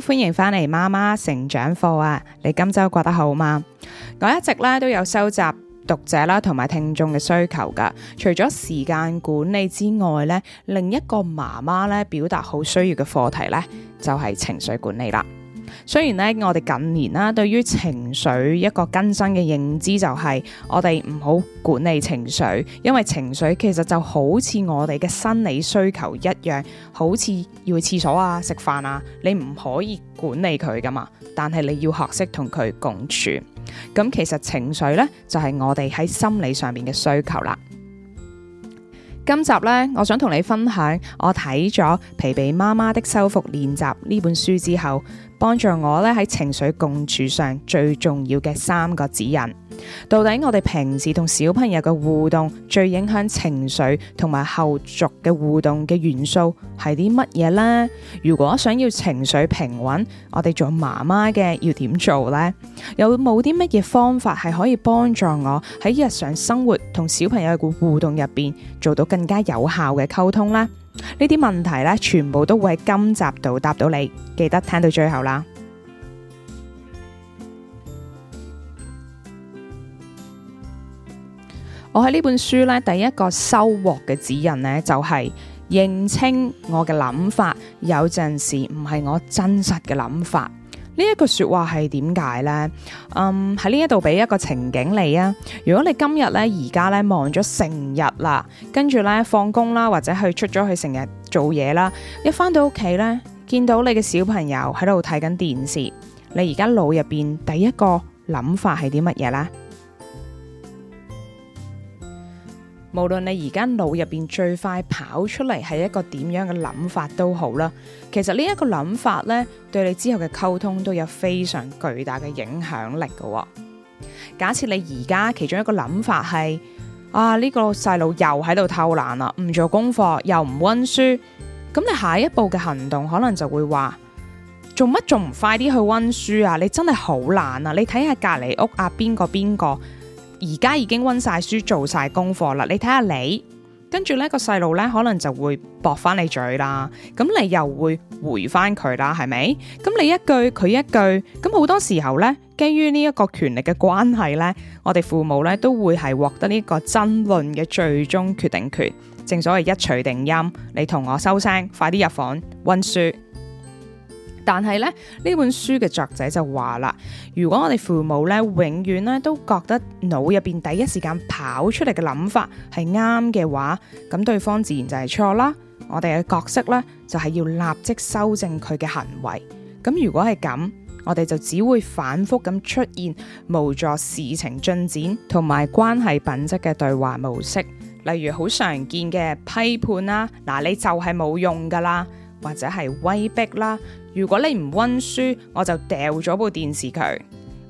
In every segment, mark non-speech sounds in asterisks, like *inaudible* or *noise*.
歡迎返嚟媽媽成長課啊！你今周過得好嗎？我一直咧都有收集讀者啦同埋聽眾嘅需求㗎。除咗時間管理之外咧，另一個媽媽咧表達好需要嘅課題咧就係情緒管理啦。雖然咧，我哋近年啦，對於情緒一個更新嘅認知就係，我哋唔好管理情緒，因為情緒其實就好似我哋嘅生理需求一樣，好似要去廁所啊、食飯啊，你唔可以管理佢噶嘛，但係你要學識同佢共處。咁、嗯、其實情緒咧，就係、是、我哋喺心理上面嘅需求啦。今集呢，我想同你分享我睇咗《疲憊媽媽的修復練習》呢本書之後，幫助我喺情緒共處上最重要嘅三個指引。到底我哋平時同小朋友嘅互動最影響情緒同埋後續嘅互動嘅元素係啲乜嘢呢？如果想要情緒平穩，我哋做媽媽嘅要點做呢？有冇啲乜嘢方法係可以幫助我喺日常生活同小朋友嘅互動入邊做到更加有效嘅溝通呢？呢啲問題咧，全部都會喺今集度答到你。記得聽到最後啦。我喺呢本書咧，第一個收穫嘅指引呢，就係認清我嘅諗法有陣時唔係我真實嘅諗法。呢一句說話係點解呢？嗯，喺呢一度俾一個情景你啊。如果你今日咧而家咧忙咗成日啦，跟住咧放工啦，或者去出咗去成日做嘢啦，一翻到屋企咧，見到你嘅小朋友喺度睇緊電視，你而家腦入邊第一個諗法係啲乜嘢啦？無論你而家腦入邊最快跑出嚟係一個點樣嘅諗法都好啦，其實呢一個諗法呢，對你之後嘅溝通都有非常巨大嘅影響力噶喎。假設你而家其中一個諗法係啊，呢個細路又喺度偷懶啦，唔做功課又唔溫書，咁你下一步嘅行動可能就會話，做乜仲唔快啲去溫書啊？你真係好懶啊！你睇下隔籬屋啊，邊個邊個？而家已經温晒書、做晒功課啦，你睇下你。跟住呢個細路呢，可能就會駁翻你嘴啦，咁你又會回翻佢啦，係咪？咁你一句佢一句，咁好多時候呢，基於呢一個權力嘅關係呢，我哋父母呢都會係獲得呢個爭論嘅最終決定權，正所謂一槌定音，你同我收聲，快啲入房温書。但係咧，呢本書嘅作者就話啦：如果我哋父母咧永遠咧都覺得腦入邊第一時間跑出嚟嘅諗法係啱嘅話，咁對方自然就係錯啦。我哋嘅角色咧就係、是、要立即修正佢嘅行為。咁如果係咁，我哋就只會反覆咁出現無助事情進展同埋關係品質嘅對話模式，例如好常見嘅批判啦，嗱，你就係冇用噶啦。或者係威逼啦，如果你唔溫書，我就掉咗部電視佢。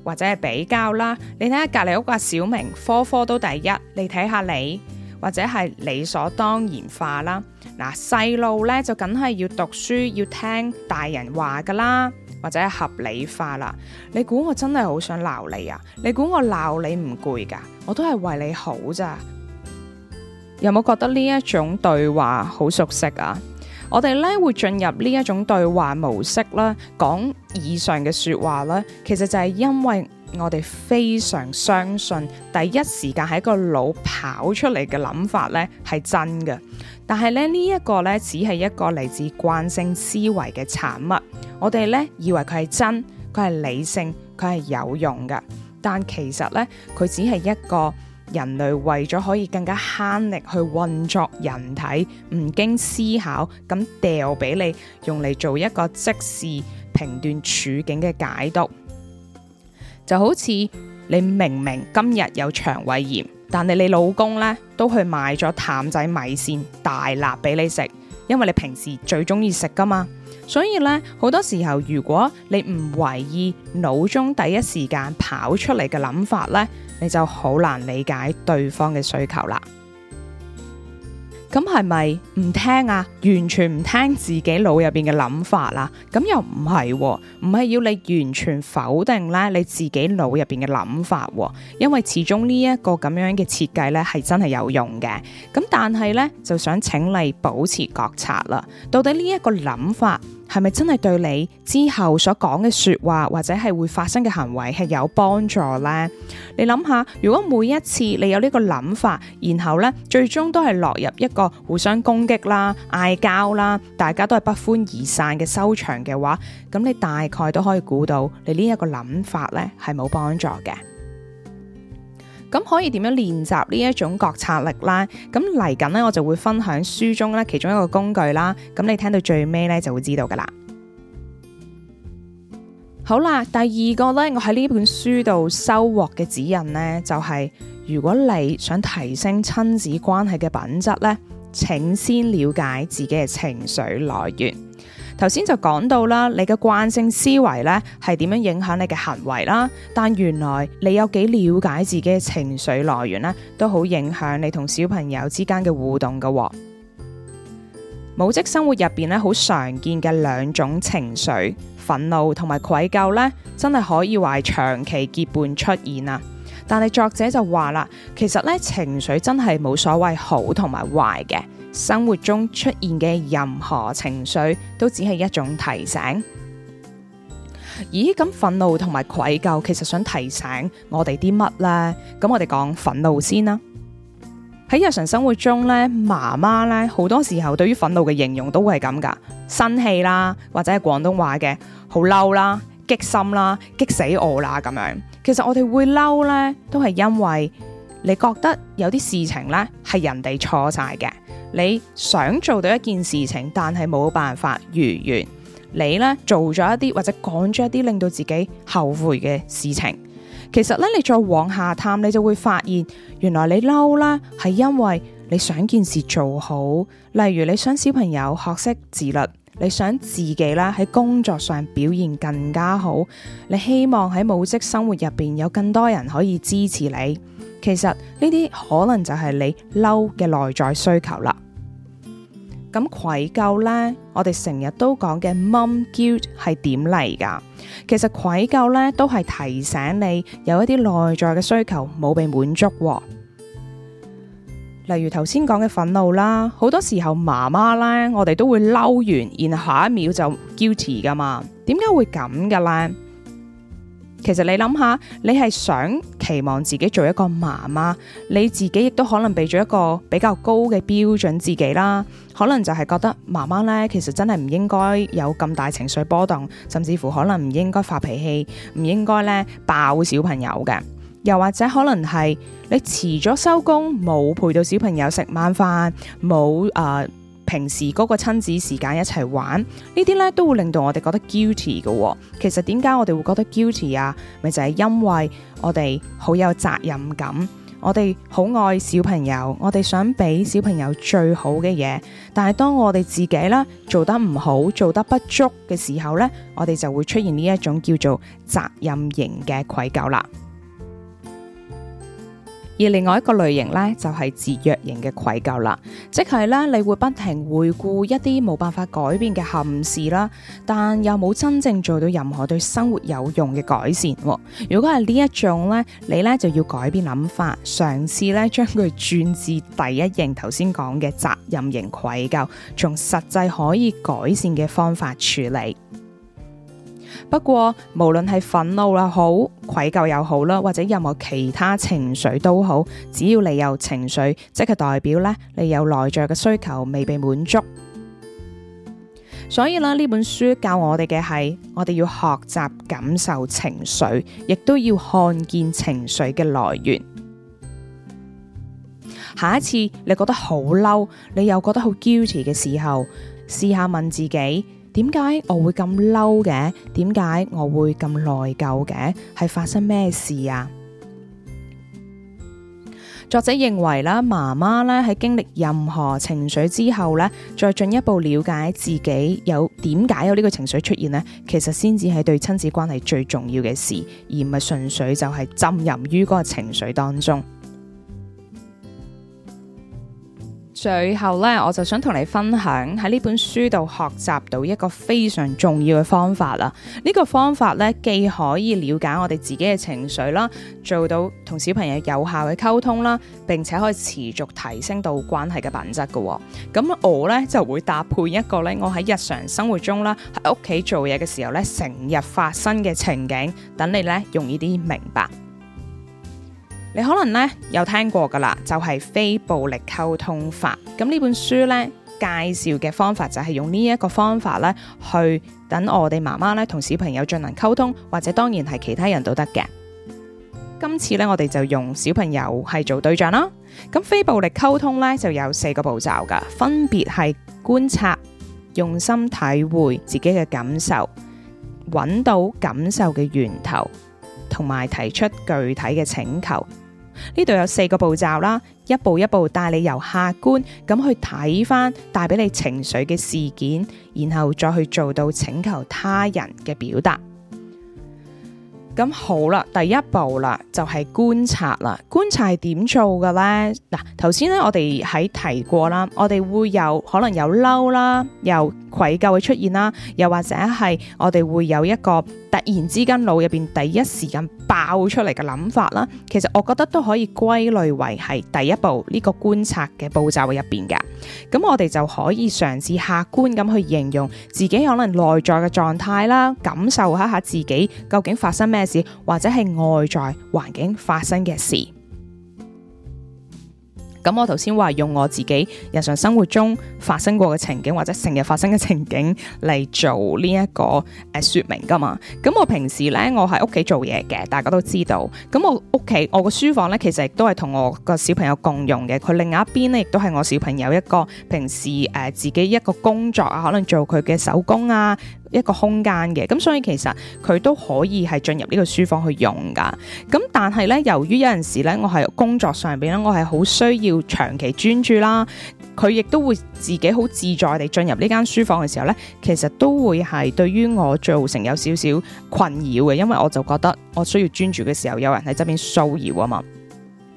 或者係比較啦，你睇下隔籬屋阿小明科科都第一，你睇下你。或者係理所當然化啦，嗱細路呢，就梗係要讀書，要聽大人話噶啦，或者係合理化啦。你估我真係好想鬧你啊？你估我鬧你唔攰噶？我都係為你好咋？有冇覺得呢一種對話好熟悉啊？我哋呢會進入呢一種對話模式啦，講以上嘅説話啦，其實就係因為我哋非常相信第一時間喺個腦跑出嚟嘅諗法呢係真嘅，但係呢呢一個呢只係一個嚟自慣性思維嘅產物。我哋呢以為佢係真，佢係理性，佢係有用嘅，但其實呢佢只係一個。人類為咗可以更加慳力去運作人體，唔經思考咁掉俾你用嚟做一個即時評斷處境嘅解讀，就好似你明明今日有腸胃炎，但係你老公呢都去買咗淡仔米線大辣俾你食，因為你平時最中意食㗎嘛。所以呢，好多時候，如果你唔懷疑腦中第一時間跑出嚟嘅諗法呢，你就好難理解對方嘅需求啦。咁係咪唔聽啊？完全唔聽自己腦入邊嘅諗法啦？咁又唔係喎，唔係要你完全否定咧你自己腦入邊嘅諗法喎，因為始終呢一個咁樣嘅設計咧係真係有用嘅。咁但係咧就想請你保持覺察啦。到底呢一個諗法？係咪真係對你之後所講嘅說話或者係會發生嘅行為係有幫助呢？你諗下，如果每一次你有呢個諗法，然後呢，最終都係落入一個互相攻擊啦、嗌交啦，大家都係不歡而散嘅收場嘅話，咁你大概都可以估到你呢一個諗法呢係冇幫助嘅。咁可以點樣練習呢一種覺察力啦？咁嚟緊呢，我就會分享書中咧其中一個工具啦。咁你聽到最尾咧，就會知道噶啦。好啦，第二個咧，我喺呢本書度收穫嘅指引呢，就係如果你想提升親子關係嘅品質呢，請先了解自己嘅情緒來源。頭先就講到啦，你嘅慣性思維呢係點樣影響你嘅行為啦？但原來你有幾了解自己嘅情緒來源呢，都好影響你同小朋友之間嘅互動㗎喎。母職生活入邊咧，好常見嘅兩種情緒，憤怒同埋愧疚呢，真係可以話係長期結伴出現啊。但係作者就話啦，其實呢情緒真係冇所謂好同埋壞嘅。生活中出現嘅任何情緒都只係一種提醒。咦，咁憤怒同埋愧疚，其實想提醒我哋啲乜呢？咁我哋講憤怒先啦。喺日常生活中呢，媽媽呢，好多時候對於憤怒嘅形容都會係咁噶，生氣啦，或者係廣東話嘅好嬲啦，激心啦，激死我啦，咁樣。其實我哋會嬲呢，都係因為你覺得有啲事情呢係人哋錯晒嘅。你想做到一件事情，但係冇辦法如願，你呢，做咗一啲或者講咗一啲令到自己後悔嘅事情。其實咧，你再往下探，你就會發現，原來你嬲啦，係因為你想件事做好，例如你想小朋友學識自律，你想自己啦喺工作上表現更加好，你希望喺母職生活入邊有更多人可以支持你。其實呢啲可能就係你嬲嘅內在需求啦。咁愧疚呢，我哋成日都講嘅 mom guilt 係點嚟噶？其實愧疚呢，都係提醒你有一啲內在嘅需求冇被滿足哦。例如頭先講嘅憤怒啦，好多時候媽媽呢，我哋都會嬲完，然後下一秒就 guilty 噶嘛。點解會咁噶呢？其實你諗下，你係想期望自己做一個媽媽，你自己亦都可能俾咗一個比較高嘅標準自己啦。可能就係覺得媽媽咧，其實真係唔應該有咁大情緒波動，甚至乎可能唔應該發脾氣，唔應該咧爆小朋友嘅。又或者可能係你遲咗收工，冇陪到小朋友食晚飯，冇誒。Uh, 平時嗰個親子時間一齊玩，呢啲咧都會令到我哋覺得 guilty 嘅喎。其實點解我哋會覺得 guilty 啊？咪就係因為我哋好有責任感，我哋好愛小朋友，我哋想俾小朋友最好嘅嘢。但係當我哋自己啦做得唔好，做得不足嘅時候咧，我哋就會出現呢一種叫做責任型嘅愧疚啦。而另外一個類型呢，就係、是、自虐型嘅愧疚啦，即係呢，你會不停回顧一啲冇辦法改變嘅憾事啦，但又冇真正做到任何對生活有用嘅改善。如果係呢一種呢，你呢就要改變諗法，嘗試呢將佢轉至第一型頭先講嘅責任型愧疚，從實際可以改善嘅方法處理。不過，無論係憤怒又好，愧疚又好啦，或者任何其他情緒都好，只要你有情緒，即係代表咧，你有內在嘅需求未被滿足。所以啦，呢本書教我哋嘅係，我哋要學習感受情緒，亦都要看見情緒嘅來源。下一次你覺得好嬲，你又覺得好 guilty 嘅時候，試下問自己。點解我會咁嬲嘅？點解我會咁內疚嘅？係發生咩事啊？作者認為啦，媽媽咧喺經歷任何情緒之後咧，再進一步了解自己有點解有呢個情緒出現咧，其實先至係對親子關係最重要嘅事，而唔係純粹就係浸淫於嗰個情緒當中。最後咧，我就想同你分享喺呢本書度學習到一個非常重要嘅方法啦。呢個方法咧，既可以了解我哋自己嘅情緒啦，做到同小朋友有效嘅溝通啦，並且可以持續提升到關係嘅品質嘅喔。咁我咧就會搭配一個咧，我喺日常生活中啦，喺屋企做嘢嘅時候咧，成日發生嘅情景，等你咧容易啲明白。你可能咧有聽過噶啦，就係非暴力溝通法。咁呢本書呢，介紹嘅方法就係用呢一個方法呢，去等我哋媽媽咧同小朋友進行溝通，或者當然係其他人都得嘅。今次呢，我哋就用小朋友係做對象啦。咁非暴力溝通呢就有四個步驟噶，分別係觀察、用心體會自己嘅感受、揾到感受嘅源頭，同埋提出具體嘅請求。呢度有四個步驟啦，一步一步帶你由客觀咁去睇翻，帶俾你情緒嘅事件，然後再去做到請求他人嘅表達。咁好啦，第一步啦，就係觀察啦。觀察係點做嘅咧？嗱，頭先咧我哋喺提過啦，我哋會有可能有嬲啦，又愧疚嘅出現啦，又或者係我哋會有一個。突然之間，腦入邊第一時間爆出嚟嘅諗法啦，其實我覺得都可以歸類為係第一步呢個觀察嘅步驟入邊㗎。咁我哋就可以嘗試客觀咁去形容自己可能內在嘅狀態啦，感受一下自己究竟發生咩事，或者係外在環境發生嘅事。咁我頭先話，用我自己日常生活中發生過嘅情景，或者成日發生嘅情景嚟,做呢、這、一個誒、呃、說明噶嘛。咁我平時呢，我喺屋企做嘢嘅，大家都知道。咁我屋企我個書房呢，其實亦都係同我個小朋友共用嘅。佢另外一邊呢，亦都係我小朋友一個平時誒、呃、自己一個工作啊，可能做佢嘅手工啊。一個空間嘅，咁所以其實佢都可以係進入呢個書房去用㗎。咁但係咧，由於有陣時咧，我係工作上面咧，我係好需要長期專注啦。佢亦都會自己好自在地進入呢間書房嘅時候咧，其實都會係對於我造成有少少困擾嘅，因為我就覺得我需要專注嘅時候，有人喺側邊騷擾啊嘛。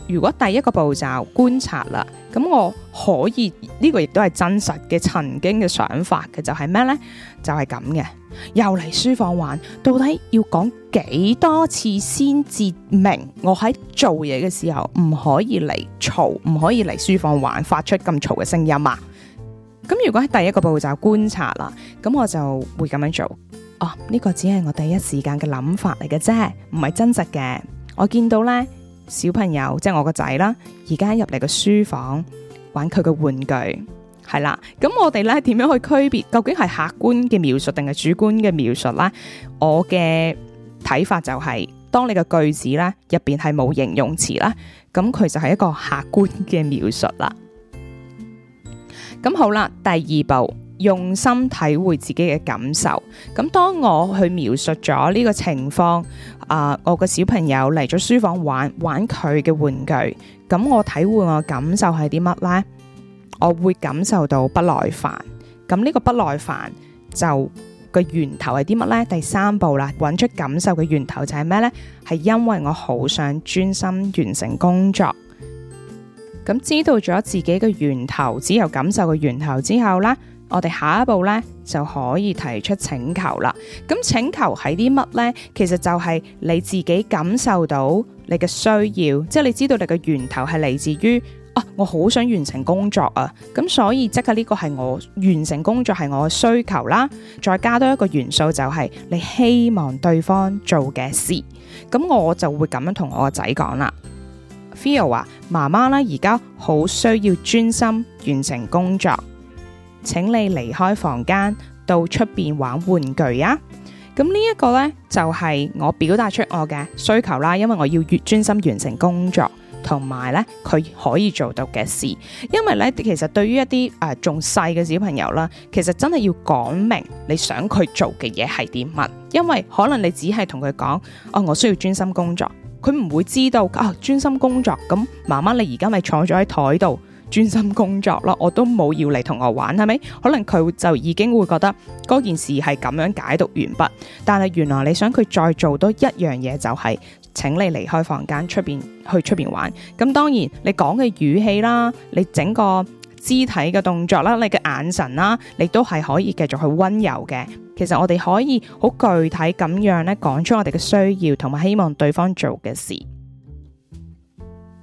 如果第一個步驟觀察啦，咁我可以呢個亦都係真實嘅曾經嘅想法嘅，就係咩呢？就係咁嘅，又嚟書房玩。到底要講幾多次先至明？我喺做嘢嘅時候唔可以嚟嘈，唔可以嚟書房玩，發出咁嘈嘅聲音啊！咁如果喺第一個步驟觀察啦，咁我就會咁樣做。哦，呢個只係我第一時間嘅諗法嚟嘅啫，唔係真實嘅。我見到呢，小朋友即係、就是、我個仔啦，而家入嚟個書房玩佢個玩具，係啦。咁我哋咧點樣去區別，究竟係客觀嘅描述定係主觀嘅描述咧？我嘅睇法就係、是，當你個句子咧入邊係冇形容詞啦，咁佢就係一個客觀嘅描述啦。咁好啦，第二步。用心體會自己嘅感受。咁當我去描述咗呢個情況，啊、呃，我個小朋友嚟咗書房玩玩佢嘅玩具。咁我體會我感受係啲乜呢？我會感受到不耐煩。咁呢個不耐煩就個源頭係啲乜呢？第三步啦，揾出感受嘅源頭就係咩呢？係因為我好想專心完成工作。咁知道咗自己嘅源頭，只有感受嘅源頭之後呢。我哋下一步呢，就可以提出請求啦。咁請求係啲乜呢？其實就係你自己感受到你嘅需要，即係你知道你嘅源頭係嚟自於啊，我好想完成工作啊。咁所以即刻呢個係我完成工作係我嘅需求啦。再加多一個元素就係你希望對方做嘅事。咁我就會咁樣同我個仔講啦。 *laughs* Feel 啊，媽媽啦，而家好需要專心完成工作。請你離開房間，到出邊玩玩具啊！咁呢一個呢，就係我表達出我嘅需求啦，因為我要越專心完成工作，同埋呢，佢可以做到嘅事。因為呢，其實對於一啲誒仲細嘅小朋友啦，其實真係要講明你想佢做嘅嘢係點乜，因為可能你只係同佢講哦，我需要專心工作，佢唔會知道哦，啊專心工作咁，媽媽你而家咪坐咗喺台度。專心工作咯，我都冇要嚟同我玩，係咪？可能佢就已經會覺得嗰件事係咁樣解讀完畢，但係原來你想佢再做多一樣嘢，就係，就係請你離開房間，出邊去出邊玩。咁當然，你講嘅語氣啦，你整個肢體嘅動作啦，你嘅眼神啦，你都係可以繼續去溫柔嘅。其實我哋可以好具體咁樣咧，講出我哋嘅需要同埋希望對方做嘅事。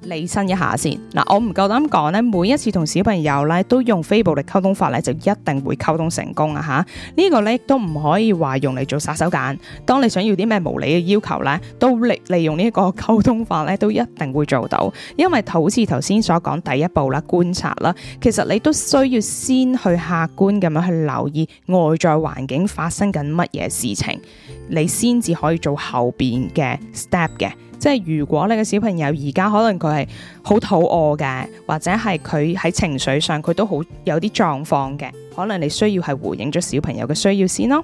理身一下先嗱，我唔夠膽講咧，每一次同小朋友咧都用非暴力溝通法咧，就一定會溝通成功啊！吓、這個、呢個咧都唔可以話用嚟做殺手鐧當你想要啲咩無理嘅要求咧，都利利用呢一個溝通法咧，都一定會做到。因為好似頭先所講，第一步啦，觀察啦，其實你都需要先去客觀咁樣去留意外在環境發生緊乜嘢事情。你先至可以做後邊嘅 step 嘅，即係如果你嘅小朋友而家可能佢係好肚餓嘅，或者係佢喺情緒上佢都好有啲狀況嘅，可能你需要係回應咗小朋友嘅需要先咯。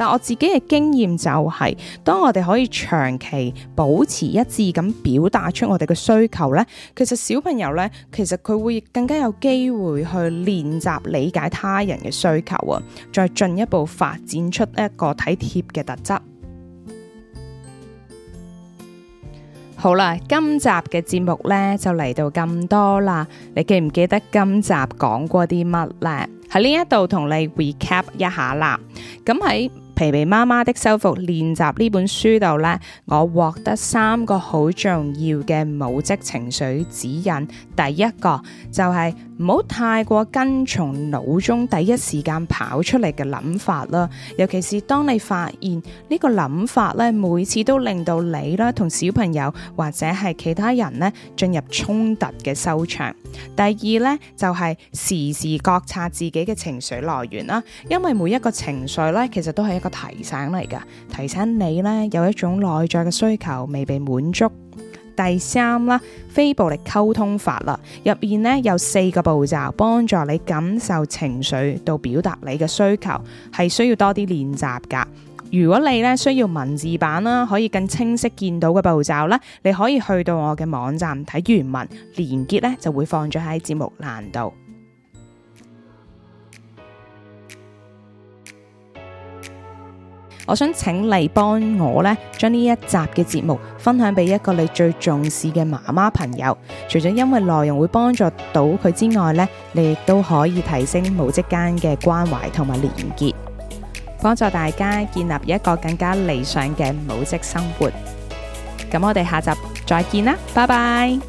但我自己嘅經驗就係，當我哋可以長期保持一致咁表達出我哋嘅需求呢。其實小朋友呢，其實佢會更加有機會去練習理解他人嘅需求啊，再進一步發展出一個體貼嘅特質。好啦，今集嘅節目呢就嚟到咁多啦，你記唔記得今集講過啲乜呢？喺呢一度同你 recap 一下啦，咁喺。疲憊媽媽的修復練習呢本書度咧，我獲得三個好重要嘅母職情緒指引。第一個就係、是。唔好太過跟從腦中第一時間跑出嚟嘅諗法啦，尤其是當你發現呢個諗法咧，每次都令到你啦同小朋友或者係其他人咧進入衝突嘅收場。第二咧就係時時覺察自己嘅情緒來源啦，因為每一個情緒咧其實都係一個提醒嚟噶，提醒你咧有一種內在嘅需求未被滿足。第三啦，非暴力溝通法啦，入面咧有四個步驟，幫助你感受情緒到表達你嘅需求，係需要多啲練習噶。如果你咧需要文字版啦，可以更清晰見到嘅步驟咧，你可以去到我嘅網站睇原文，連結咧就會放咗喺節目欄度。我想請你幫我呢，將呢一集嘅節目分享俾一個你最重視嘅媽媽朋友。除咗因為內容會幫助到佢之外呢，你亦都可以提升母職間嘅關懷同埋連結，幫助大家建立一個更加理想嘅母職生活。咁我哋下集再見啦，拜拜。